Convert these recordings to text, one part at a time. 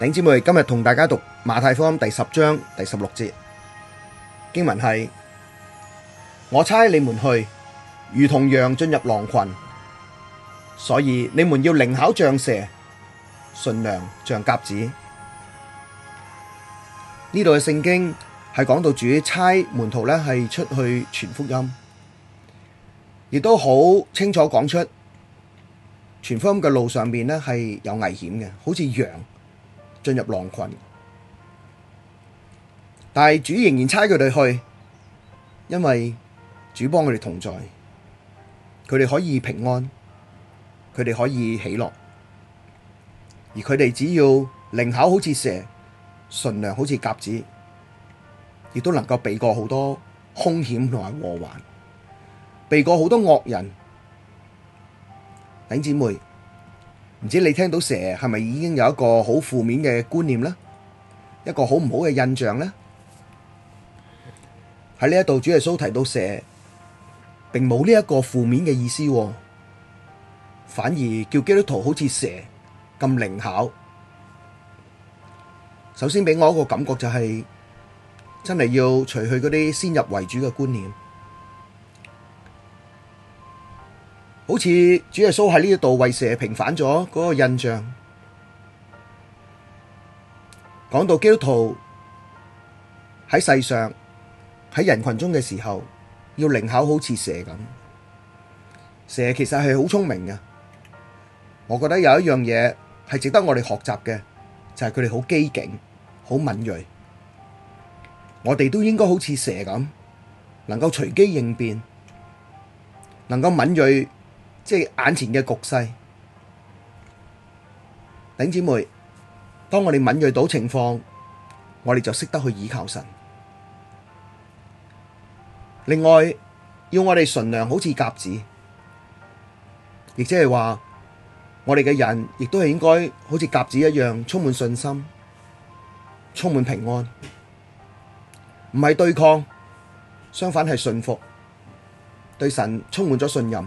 頂姐妹今日同大家讀馬太福音第十章第十六節，經文係：我差你們去，如同羊進入狼群，所以你們要靈巧像蛇，馴良像鴿子。呢度嘅聖經係講到主差門徒咧係出去傳福音，亦都好清楚講出傳福音嘅路上面咧係有危險嘅，好似羊。進入狼群，但係主仍然差佢哋去，因為主幫佢哋同在，佢哋可以平安，佢哋可以喜樂，而佢哋只要靈巧好似蛇，馴良好似鴿子，亦都能夠避過好多凶險同埋禍患，避過好多惡人，等姊妹。唔知你聽到蛇係咪已經有一個好負面嘅觀念呢？一個好唔好嘅印象呢？喺呢一度，主耶穌提到蛇，並冇呢一個負面嘅意思喎，反而叫基督徒好似蛇咁靈巧。首先俾我一個感覺就係，真係要除去嗰啲先入為主嘅觀念。好似主耶穌喺呢一度為蛇平反咗嗰個印象，講到基督徒喺世上喺人群中嘅時候，要靈巧好似蛇咁。蛇其實係好聰明嘅，我覺得有一樣嘢係值得我哋學習嘅，就係佢哋好機警、好敏銳。我哋都應該好似蛇咁，能夠隨機應變，能夠敏銳。即係眼前嘅局勢，頂姊妹，當我哋敏銳到情況，我哋就識得去倚靠神。另外，要我哋馴良，好似鴿子，亦即係話，我哋嘅人亦都係應該好似鴿子一樣，充滿信心，充滿平安，唔係對抗，相反係順服，對神充滿咗信任。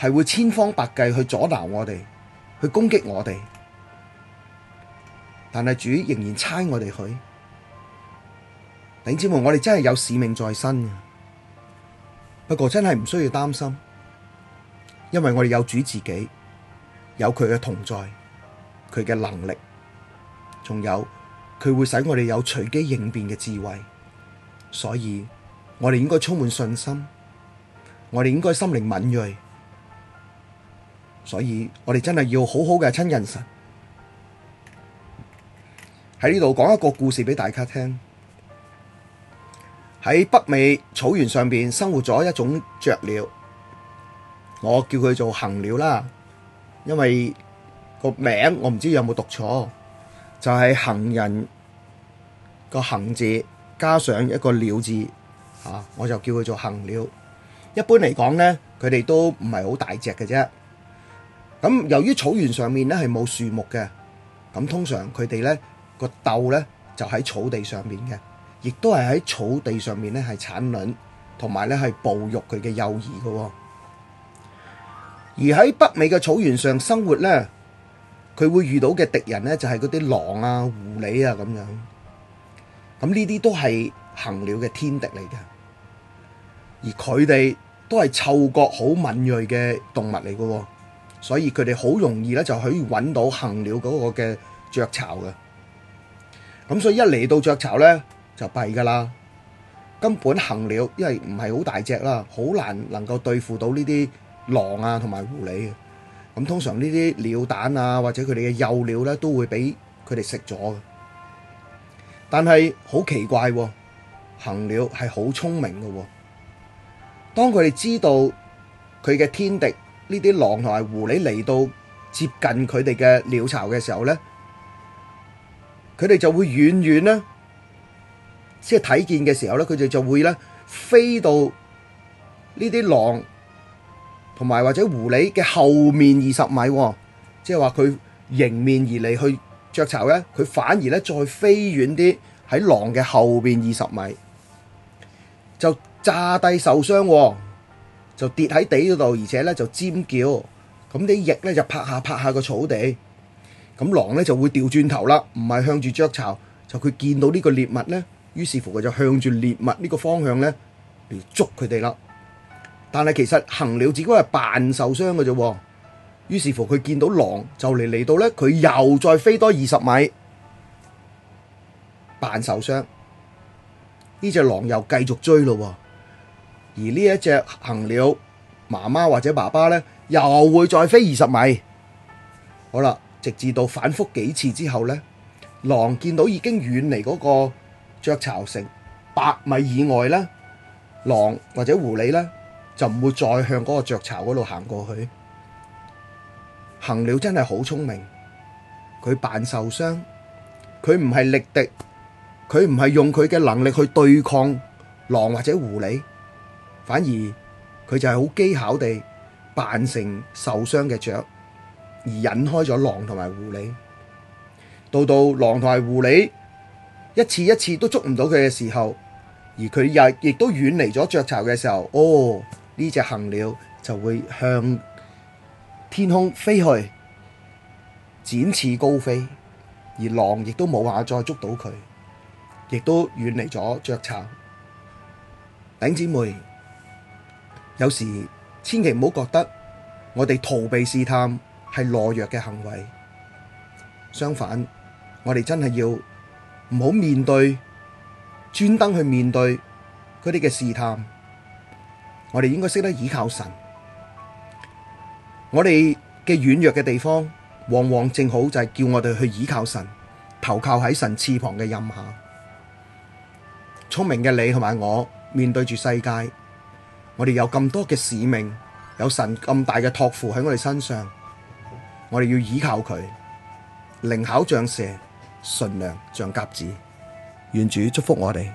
係會千方百計去阻撓我哋，去攻擊我哋。但係主仍然差我哋去，弟兄姊妹，我哋真係有使命在身嘅。不過真係唔需要擔心，因為我哋有主自己，有佢嘅同在，佢嘅能力，仲有佢會使我哋有隨機應變嘅智慧。所以我哋應該充滿信心，我哋應該心靈敏銳。所以我哋真係要好好嘅親近神，喺呢度講一個故事俾大家聽。喺北美草原上邊生活咗一種雀鳥，我叫佢做行鳥啦，因為個名我唔知有冇讀錯，就係行人個行字加上一個鳥字，吓我就叫佢做行鳥。一般嚟講呢，佢哋都唔係好大隻嘅啫。咁由於草原上面咧係冇樹木嘅，咁通常佢哋咧個竇咧就喺草地上面嘅，亦都係喺草地上面咧係產卵，同埋咧係哺育佢嘅幼兒嘅。而喺北美嘅草原上生活咧，佢會遇到嘅敵人咧就係嗰啲狼啊、狐狸啊咁樣。咁呢啲都係行鳥嘅天敵嚟嘅，而佢哋都係嗅覺好敏鋭嘅動物嚟嘅。所以佢哋好容易咧就可以揾到行鳥嗰個嘅雀巢嘅，咁所以一嚟到雀巢咧就弊㗎喇，根本行鳥因為唔係好大隻啦，好難能夠對付到呢啲狼啊同埋狐狸嘅。咁通常呢啲鳥蛋啊或者佢哋嘅幼鳥咧都會俾佢哋食咗嘅。但係好奇怪喎、啊，行鳥係好聰明嘅喎、啊，當佢哋知道佢嘅天敵，呢啲狼同埋狐狸嚟到接近佢哋嘅鳥巢嘅時候咧，佢哋就會遠遠咧，即係睇見嘅時候咧，佢哋就會咧飛到呢啲狼同埋或者狐狸嘅後面二十米，即係話佢迎面而嚟去雀巢咧，佢反而咧再飛遠啲喺狼嘅後邊二十米，就炸低受傷。就跌喺地嗰度，而且咧就尖叫，咁啲翼咧就拍下拍下個草地，咁狼咧就會掉轉頭啦，唔係向住雀巢，就佢見到呢個獵物咧，於是乎佢就向住獵物呢個方向咧嚟捉佢哋啦。但係其實行鳥只不過係扮受傷嘅啫，於是乎佢見到狼就嚟嚟到咧，佢又再飛多二十米，扮受傷，呢隻狼又繼續追咯。而呢一隻行鳥，媽媽或者爸爸呢，又會再飛二十米，好啦，直至到反覆幾次之後呢，狼見到已經遠離嗰個雀巢城百米以外呢，狼或者狐狸呢，就唔會再向嗰個雀巢嗰度行過去。行鳥真係好聰明，佢扮受傷，佢唔係力敵，佢唔係用佢嘅能力去對抗狼或者狐狸。反而佢就係好機巧地扮成受傷嘅雀，而引開咗狼同埋狐狸。到到狼同埋狐狸一次一次都捉唔到佢嘅時候，而佢又亦都遠離咗雀巢嘅時候，哦，呢隻鴴鳥就會向天空飛去，展翅高飛，而狼亦都冇法再捉到佢，亦都遠離咗雀巢。頂姊妹。有時千祈唔好覺得我哋逃避試探係懦弱嘅行為，相反，我哋真係要唔好面對，專登去面對嗰啲嘅試探。我哋應該識得倚靠神。我哋嘅軟弱嘅地方，往往正好就係叫我哋去倚靠神，投靠喺神翅膀嘅蔭下。聰明嘅你同埋我，面對住世界。我哋有咁多嘅使命，有神咁大嘅托付喺我哋身上，我哋要倚靠佢，靈巧像蛇，馴良像鴿子，願主祝福我哋。